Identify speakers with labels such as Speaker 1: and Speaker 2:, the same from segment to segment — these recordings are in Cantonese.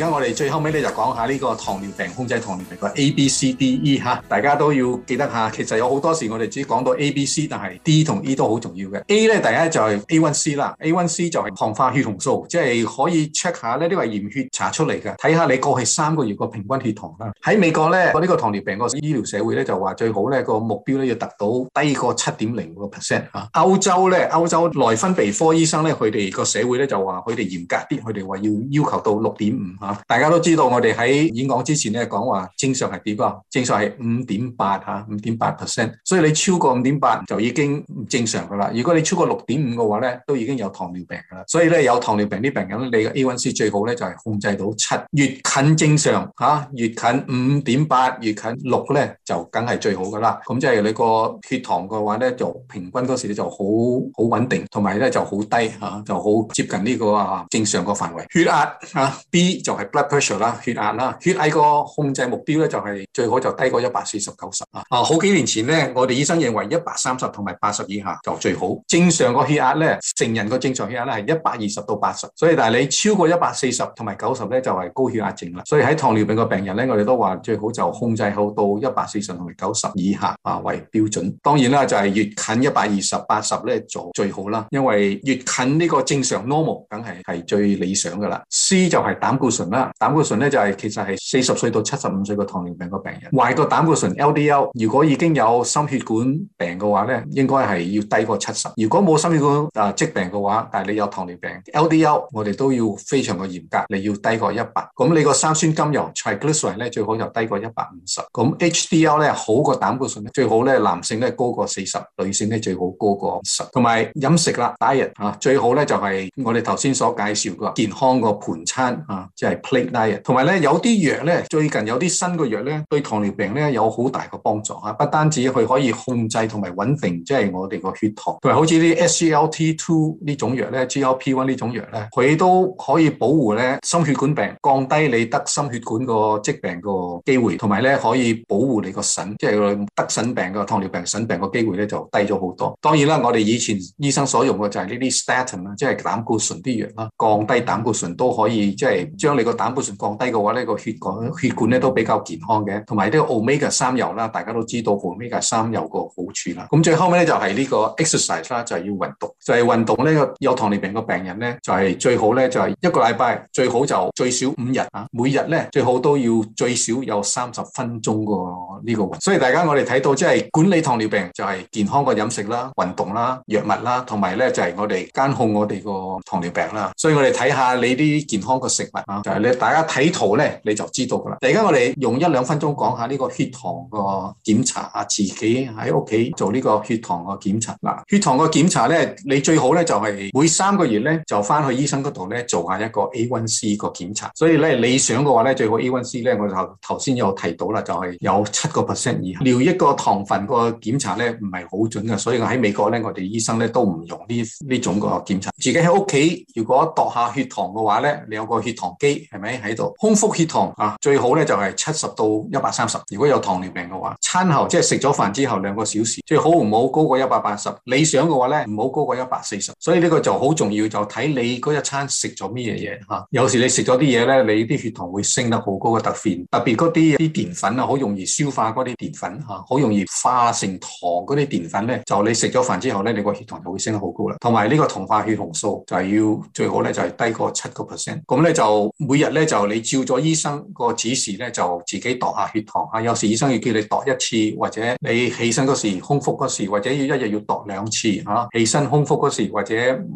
Speaker 1: 而家我哋最後尾咧就講下呢個糖尿病控制糖尿病個 A B C D E 吓，大家都要記得下。其實有好多時我哋只講到 A B C，但係 D 同 E 都好重要嘅。A 咧第一就係、是、A1C 啦，A1C 就係糖化血紅素，即係可以 check 下呢呢個係驗血查出嚟嘅，睇下你過去三個月個平均血糖啦。喺美國咧，我、這、呢個糖尿病個醫療社會咧就話最好咧個目標咧要達到低過七點零個 percent 吓。歐洲咧，歐洲內分泌科醫生咧佢哋個社會咧就話佢哋嚴格啲，佢哋話要要求到六點五吓。大家都知道，我哋喺演講之前咧講話正常係點啊？正常係五點八吓，五點八 percent。所以你超過五點八就已經唔正常噶啦。如果你超過六點五嘅話咧，都已經有糖尿病噶啦。所以咧有糖尿病啲病人你嘅 A1C 最好咧就係、是、控制到七，越近正常吓、啊，越近五點八，越近六咧就梗係最好噶啦。咁即係你個血糖嘅話咧，就平均嗰時咧就好好穩定，同埋咧就好低吓，就好、啊、接近呢、這個啊正常個範圍。血壓、啊、B 就是。係 blood pressure 啦，血壓啦，血壓個控制目標咧就係最好就低過一百四十九十啊！啊，好幾年前咧，我哋醫生認為一百三十同埋八十以下就最好。正常個血壓咧，成人個正常血壓咧係一百二十到八十，所以但係你超過一百四十同埋九十咧就係高血壓症啦。所以喺糖尿病個病人咧，我哋都話最好就控制好到一百四十同埋九十以下啊為標準。當然啦，就係越近一百二十八十咧就最好啦，因為越近呢個正常 normal 梗係係最理想噶啦。C 就係膽固醇。膽固醇咧就係、是、其實係四十歲到七十五歲個糖尿病個病人，壞個膽固醇 LDL 如果已經有心血管病嘅話咧，應該係要低過七十。如果冇心血管啊疾、呃、病嘅話，但係你有糖尿病 LDL 我哋都要非常個嚴格，你要低過一百。咁你個三酸甘油 triglyceride 咧最好就低過一百五十。咁 HDL 咧好個膽固醇咧最好咧男性咧高過四十，女性咧最好高過五十。同埋飲食啦，第一日吓最好咧就係我哋頭先所介紹個健康個盤餐啊，platelet，同埋咧有啲藥咧，最近有啲新嘅藥咧，對糖尿病咧有好大嘅幫助，不單止佢可以控制同埋穩定，即係我哋個血糖，同埋好似啲 SGLT2 呢種藥咧，GLP1 呢種藥咧，佢都可以保護咧心血管病，降低你得心血管個疾病個機會，同埋咧可以保護你個腎，即係得腎病個糖尿病腎病嘅機會咧就低咗好多。當然啦，我哋以前醫生所用嘅就係呢啲 statin 啦，即係膽固醇啲藥啦，降低膽固醇都可以，即係將。你個膽固醇降低嘅話呢、呢個血管血管咧都比較健康嘅，同埋呢啲 omega 三油啦，大家都知道 omega 三油個好處啦。咁最後尾咧就係呢個 exercise 啦，就係、是、要運動，就係、是、運動咧。有糖尿病個病人咧，就係、是、最好咧，就係一個禮拜最好就最少五日啊，每日咧最好都要最少有三十分鐘個呢個運動。所以大家我哋睇到即係、就是、管理糖尿病就係、是、健康個飲食啦、運動啦、藥物啦，同埋咧就係我哋監控我哋個糖尿病啦。所以我哋睇下你啲健康個食物啊。大家睇圖咧，你就知道噶啦。而家我哋用一兩分鐘講下呢個血糖個檢查。自己喺屋企做呢個血糖個檢查嗱，血糖個檢查咧，你最好咧就係每三個月咧就翻去醫生嗰度咧做下一個 A1C 個檢查。所以咧，理想嘅話咧，最好 A1C 咧，我就頭先有提到啦，就係有七個 percent 以下。尿一個糖份個檢查咧唔係好準㗎。所以我喺美國咧，我哋醫生咧都唔用呢呢種個檢查。自己喺屋企如果度下血糖嘅話咧，你有個血糖機。係咪喺度？空腹血糖啊，最好咧就係七十到一百三十。如果有糖尿病嘅話，餐後即係食咗飯之後兩個小時，最好唔好高過一百八十。理想嘅話咧，唔好高過一百四十。所以呢個就好重要，就睇你嗰一餐食咗咩嘢嘢吓。有時你食咗啲嘢咧，你啲血糖會升得好高嘅特變。特別嗰啲啲澱粉啊，好容易消化嗰啲澱粉吓，好容易化成糖嗰啲澱粉咧，就你食咗飯之後咧，你個血糖就會升得好高啦。同埋呢個糖化血紅素就係要最好咧就係低過七個 percent。咁咧就。每日咧就你照咗醫生個指示咧，就自己度下血糖吓。有時醫生要叫你度一次，或者你起身嗰時、空腹嗰時，或者一要一日要度兩次吓、啊。起身空腹嗰時，或者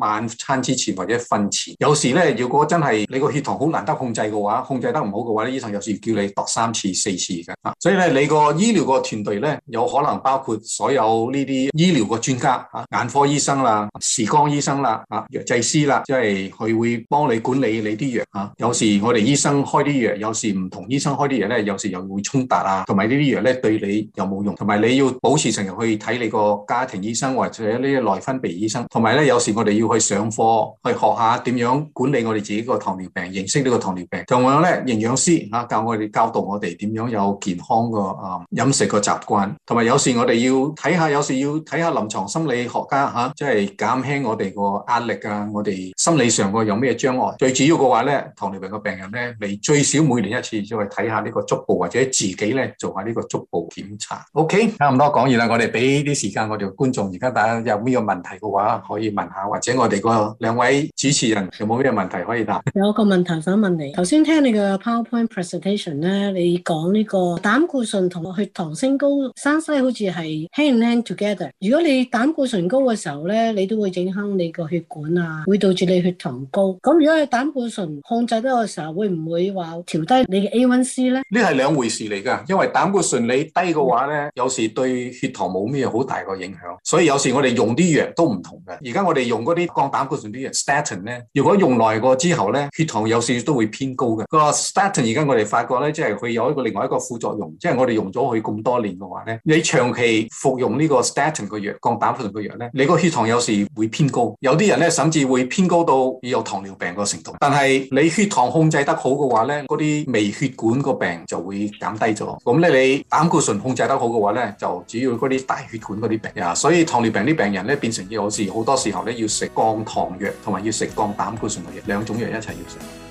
Speaker 1: 晚餐之前或者瞓前。有時咧，如果真係你個血糖好難得控制嘅話，控制得唔好嘅話咧，醫生有時要叫你度三次四次嘅吓、啊。所以咧，你個醫療個團隊咧，有可能包括所有呢啲醫療個專家吓、啊，眼科醫生啦、視、啊、光醫生啦、吓、啊、藥劑師啦，即係佢會幫你管理你啲藥吓。有、啊有時我哋醫生開啲藥，有時唔同醫生開啲藥咧，有時又會衝突啊。同埋呢啲藥咧對你有冇用？同埋你要保持成日去睇你個家庭醫生，或者呢個內分泌醫生。同埋咧，有時我哋要去上課，去學下點樣管理我哋自己個糖尿病，認識呢個糖尿病。同樣咧，營養師教我哋教導我哋點樣有健康個啊飲食個習慣。同埋有，有時我哋要睇下，有時要睇下臨牀心理學家吓，即係減輕我哋個壓力啊。就是、我哋心理上個有咩障礙？最主要嘅話咧，糖尿病。個病人咧，你最少每年一次，去睇下呢個足部，或者自己咧做下呢個足部檢查。OK，差唔多講完啦，我哋俾啲時間我哋嘅觀眾。而家大家有咩問題嘅話，可以問下，或者我哋個兩位主持人有冇咩問題可以答？
Speaker 2: 有個問題想問你。頭先聽你嘅 PowerPoint presentation 咧，你講呢個膽固醇同個血糖升高，山西好似係 hand in hand together。如果你膽固醇高嘅時候咧，你都會影響你個血管啊，會導致你血糖高。咁如果你膽固醇控制得，嗰個時候會唔會話調低你嘅
Speaker 1: A1C 咧？呢係兩回事嚟㗎，因為膽固醇你低嘅話咧，嗯、有時對血糖冇咩好大個影響。所以有時我哋用啲藥都唔同嘅。而家我哋用嗰啲降膽固醇啲藥 statin 咧，如果用耐過之後咧，血糖有時都會偏高嘅。個 statin 而家我哋發覺咧，即係佢有一個另外一個副作用，即係我哋用咗佢咁多年嘅話咧，你長期服用呢個 statin 個藥降膽固醇個藥咧，你個血糖有時會偏高，有啲人咧甚至會偏高到有糖尿病個程度。但係你血糖控制得好嘅話呢，嗰啲微血管個病就會減低咗。咁呢，你膽固醇控制得好嘅話呢，就主要嗰啲大血管嗰啲病啊。所以糖尿病啲病人呢，變成嘢好似好多時候呢，要食降糖藥，同埋要食降膽固醇嘅藥，兩種藥一齊要食。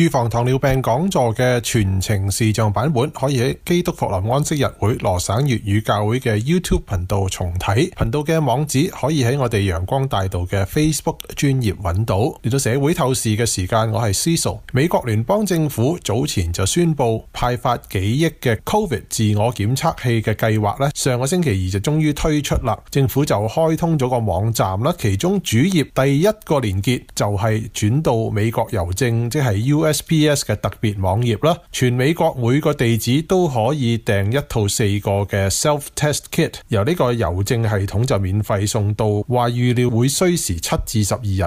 Speaker 3: 預防糖尿病講座嘅全程視像版本，可以喺基督復臨安息日會羅省粵語教會嘅 YouTube 頻道重睇。頻道嘅網址可以喺我哋陽光大道嘅 Facebook 專頁揾到嚟到社會透視嘅時間，我係思素。美國聯邦政府早前就宣布派發幾億嘅 COVID 自我檢測器嘅計劃咧，上個星期二就終於推出啦。政府就開通咗個網站啦，其中主頁第一個連結就係轉到美國郵政，即係 US。S.P.S 嘅特別網頁啦，全美國每個地址都可以訂一套四個嘅 self-test kit，由呢個郵政系統就免費送到，話預料會需時七至十二日。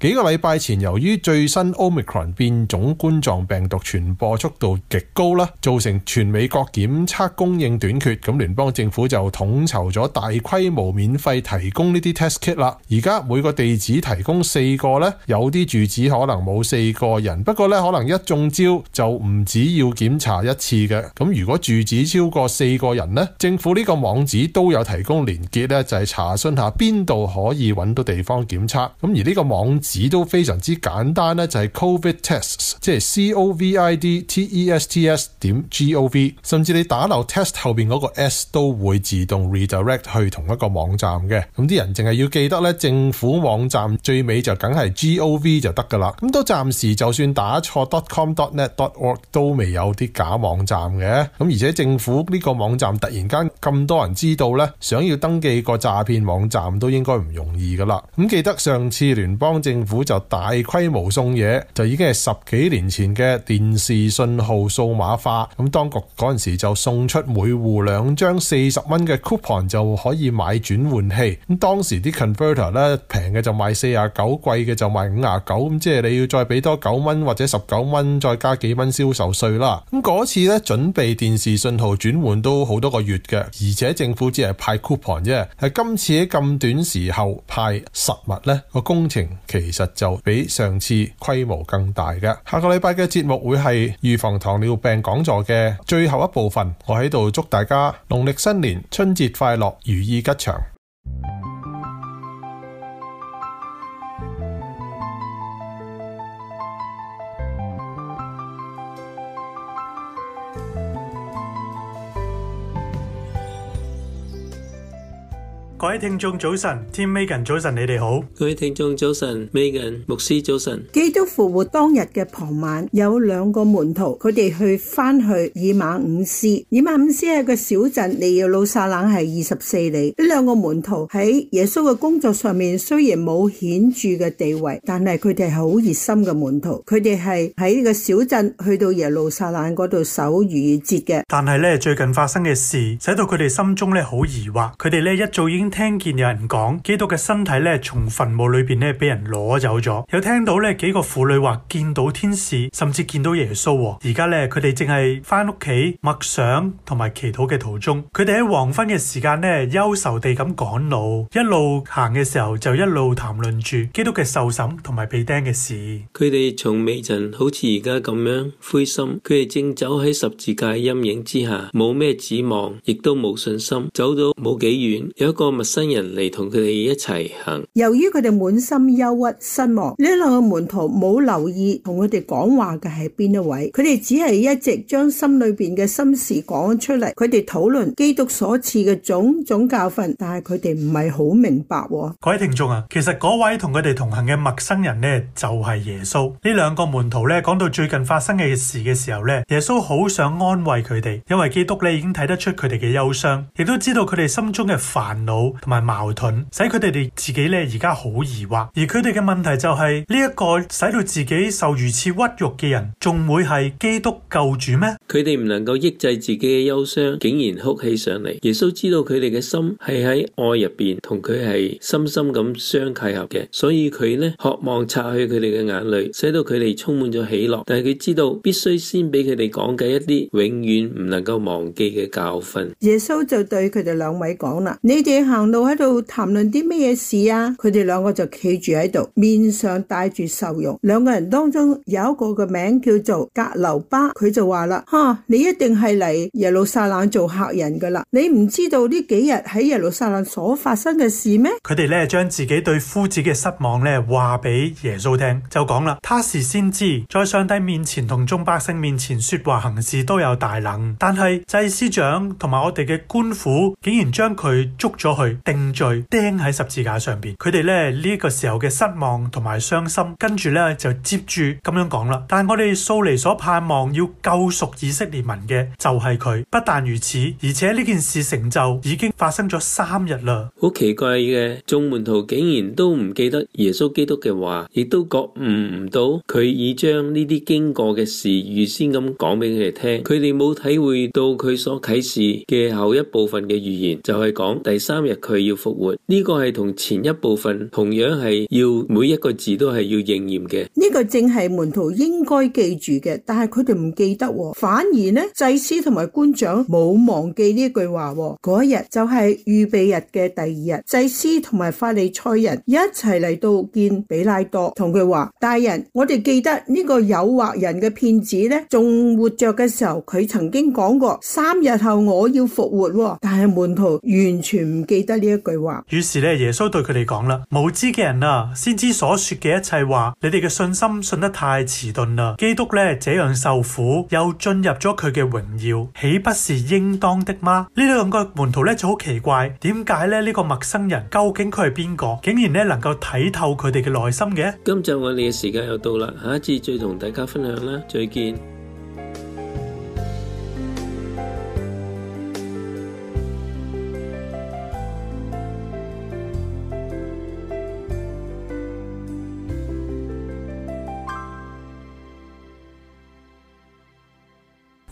Speaker 3: 幾個禮拜前，由於最新 Omicron 變種冠狀病毒傳播速度極高啦，造成全美國檢測供應短缺，咁聯邦政府就統籌咗大規模免費提供呢啲 test kit 啦。而家每個地址提供四個呢，有啲住址可能冇四個人，不過呢可能一中招就唔止要檢查一次嘅，咁如果住址超過四個人呢，政府呢個網址都有提供連結咧，就係查詢下邊度可以揾到地方檢測。咁而呢個網址都非常之簡單咧，就係 covid tests，即係 c o v i d t e s t s 點 g o v，甚至你打漏 test 後邊嗰個 s 都會自動 redirect 去同一個網站嘅。咁啲人淨係要記得咧，政府網站最尾就梗係 g o v 就得噶啦。咁都暫時就算打。dot .com、.net、.org 都未有啲假網站嘅，咁而且政府呢個網站突然間咁多人知道呢，想要登記個詐騙網站都應該唔容易噶啦。咁記得上次聯邦政府就大規模送嘢，就已經係十幾年前嘅電視信號數碼化，咁當局嗰陣時就送出每戶兩張四十蚊嘅 coupon 就可以買轉換器。咁當時啲 converter 咧平嘅就賣四十九，貴嘅就賣五十九，咁即係你要再俾多九蚊或者。十九蚊再加幾蚊銷售稅啦。咁嗰次咧，準備電視信號轉換都好多個月嘅，而且政府只係派 coupon 啫。係今次喺咁短時候派實物咧，個工程其實就比上次規模更大嘅。下個禮拜嘅節目會係預防糖尿病講座嘅最後一部分。我喺度祝大家農曆新年，春節快樂，如意吉祥。
Speaker 4: 各位聽眾早晨，Team Megan 早晨，你哋好。各位聽眾早晨，Megan
Speaker 5: 牧師早晨。
Speaker 2: 基督復活當日嘅傍晚，有兩個門徒，佢哋去翻去以馬五斯。以馬五斯係個小鎮，離耶路撒冷係二十四里。呢兩個門徒喺耶穌嘅工作上面雖然冇顯著嘅地位，但係佢哋係好熱心嘅門徒。佢哋係喺呢個小鎮去到耶路撒冷嗰度守逾節嘅。
Speaker 4: 但係咧，最近發生嘅事，使到佢哋心中咧好疑惑。佢哋咧一早已經。聽見有人講基督嘅身體咧，從墳墓裏邊咧俾人攞走咗。有聽到咧幾個婦女話見到天使，甚至見到耶穌，哦。而家咧佢哋正係翻屋企默想同埋祈禱嘅途中。佢哋喺黃昏嘅時間呢，憂愁地咁趕路，一路行嘅時候就一路談論住基督嘅受審同埋被釘嘅事。
Speaker 5: 佢哋從未曾好似而家咁樣灰心。佢哋正走喺十字架嘅陰影之下，冇咩指望，亦都冇信心。走到冇幾遠，有一個。陌生人嚟同佢哋一齊行。
Speaker 2: 由於佢哋滿心憂鬱失望，呢兩個門徒冇留意同佢哋講話嘅係邊一位，佢哋只係一直將心裏邊嘅心事講出嚟。佢哋討論基督所賜嘅種種教訓，但係佢哋唔係好明白。
Speaker 4: 各位聽眾啊，其實嗰位同佢哋同行嘅陌生人咧，就係耶穌。呢兩個門徒咧，講到最近發生嘅事嘅時候咧，耶穌好想安慰佢哋，因為基督咧已經睇得出佢哋嘅憂傷，亦都知道佢哋心中嘅煩惱。同埋矛盾，使佢哋哋自己咧而家好疑惑，而佢哋嘅問題就係呢一個使到自己受如此屈辱嘅人，仲會係基督救主咩？
Speaker 5: 佢哋唔能夠抑制自己嘅憂傷，竟然哭起上嚟。耶穌知道佢哋嘅心係喺愛入邊，同佢係深深咁相契合嘅，所以佢呢渴望擦去佢哋嘅眼淚，使到佢哋充滿咗喜樂。但係佢知道必須先俾佢哋講解一啲永遠唔能夠忘記嘅教訓。
Speaker 2: 耶穌就對佢哋兩位講啦：，你哋。行路喺度談論啲咩嘢事啊？佢哋兩個就企住喺度，面上帶住愁容。兩個人當中有一個嘅名叫做格留巴，佢就話啦：吓，你一定係嚟耶路撒冷做客人噶啦，你唔知道呢幾日喺耶路撒冷所發生嘅事咩？
Speaker 4: 佢哋咧將自己對夫子嘅失望咧話俾耶穌聽，就講啦：他是先知，在上帝面前同眾百姓面前說話行事都有大能，但係祭司長同埋我哋嘅官府竟然將佢捉咗去。定罪，釘喺十字架上邊。佢哋咧呢個時候嘅失望同埋傷心，跟住咧就接住咁樣講啦。但係我哋素嚟，所盼望要救贖以色列民嘅就係佢。不但如此，而且呢件事成就已經發生咗三日啦。
Speaker 5: 好奇怪嘅，眾門徒竟然都唔記得耶穌基督嘅話，亦都覺悟唔到佢已將呢啲經過嘅事預先咁講俾佢哋聽。佢哋冇體會到佢所啟示嘅後一部分嘅預言，就係講第三日，佢要復活呢個係同前一部分同樣係要每一個字都係要應驗嘅，
Speaker 2: 呢個正係門徒應該記住嘅，但係佢哋唔記得喎，反而呢祭司同埋官長冇忘記呢句話喎。嗰日就係預備日嘅第二日，祭司同埋法利賽人一齊嚟到見比拉多，同佢話，大人，我哋記得呢個誘惑人嘅騙子呢，仲活着嘅時候，佢曾經講過三日後我要復活喎，但係門徒完全唔記。得呢一句話，
Speaker 4: 於是咧耶穌對佢哋講啦：無知嘅人啊，先知所說嘅一切話，你哋嘅信心信得太遲鈍啦。基督咧這樣受苦，又進入咗佢嘅榮耀，豈不是應當的嗎？呢兩個門徒咧就好奇怪，點解咧呢個陌生人究竟佢係邊個，竟然咧能夠睇透佢哋嘅內心嘅？
Speaker 5: 今集我哋嘅時間又到啦，下一次再同大家分享啦，再見。